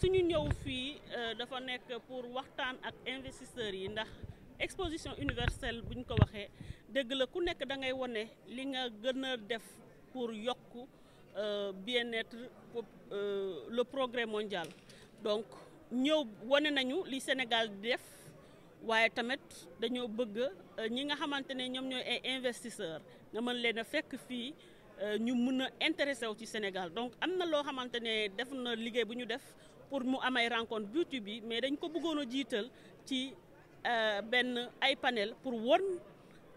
suñu ñëw fii euh, dafa nekk pour waxtaan ak investisseur yi ndax exposition universelle buñ ko waxee dëgg la ku nekk da ngay wane li nga gën a def pour yokk euh, bien-être euh, le progrès mondial donc ñëw wane nañu li Sénégal def waaye tamit dañoo bëgg ñi nga xamante ne ñoom ñooy ay investisseur nga mën leen a fekk fii ñu mën a intéressé wu ci Sénégal donc am na loo xamante ne def na liggéey bu ñu def pour mu am ay rencontre YouTube bi mais dañ ko bëggoon a jiital ci euh, benn ay panel pour won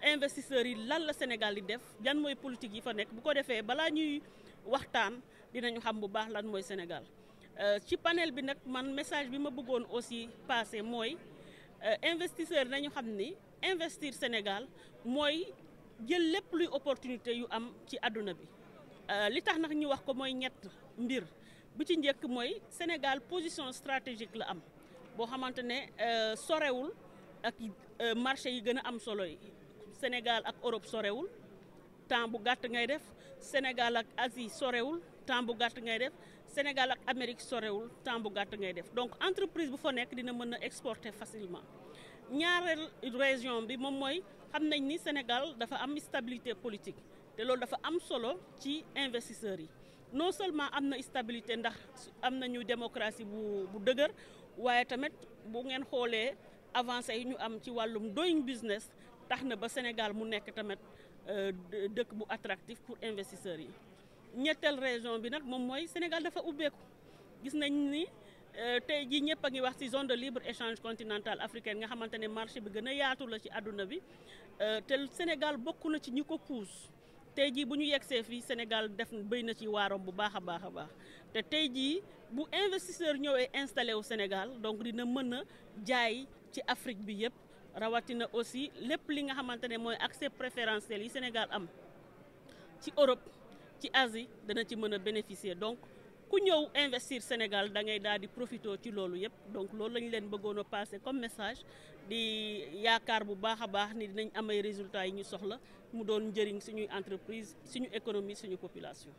investisseurs yi lan la Sénégal di def lan mooy politique yi fa nekk bu ko defee balaa ñuy waxtaan dinañu xam bu baax lan mooy Sénégal euh, ci panel bi nag man message bi ma bëggoon aussi passé mooy euh, investisseurs nañu xam ni investir Sénégal mooy jël lépp luy opportunité yu am ci àdduna bi li tax nag ñu wax ko mooy ñett mbir bu ci njëkk mooy Sénégal position stratégique la am boo xamante ne euh, sorewul ak euh, marché yi gën a am solo yi Sénégal ak Europe sorewul temps bu gàtt ngay def Sénégal ak Asie sorewul temps bu gàtt ngay def Sénégal ak Amérique sorewul temps bu gàtt ngay def donc entreprise bu fa nekk dina mën a exporter facilement ñaareel région bi moom mooy xam nañ ni Sénégal dafa am stabilité politique te loolu dafa am solo ci investisseur yi non seulement am na stabilité ndax am nañu démocratie bu bu dëgër waaye tamit bu ngeen xoolee avancé yi ñu am ci wàllum doing business tax na ba Sénégal mu nekk tamit euh, dëkk bu attractif pour investisseurs yi ñetteel région bi nag moom mooy Sénégal dafa ubbeeku gis nañ ni euh, tey jii ñëpp a ngi wax ci zone de libre échange continental africaine nga xamante ne marché bi gën a yaatu la ci àdduna bi euh, te Sénégal bokk na ci ñi ko pousse tey jii bu ñu yegsee fii Sénégal def béy na ci waaram bu baax a baax a baax te tey jii bu investisseur ñëwee installé wu Sénégal donc dina mën a jaay ci Afrique bi yëpp rawatina aussi lépp li nga xamante ne mooy accès préférentiel yi Sénégal am ci Europe ci Asie dana ci mën a bénéficier donc ku ñëw investir Sénégal da ngay daal ci loolu yëpp donc loolu la ñu leen bëggoon a passé comme message di yaakaar bu baax a baax ni dinañ am ay résultats yi ñu soxla mu doon njëriñ suñuy entreprise suñu économie suñu population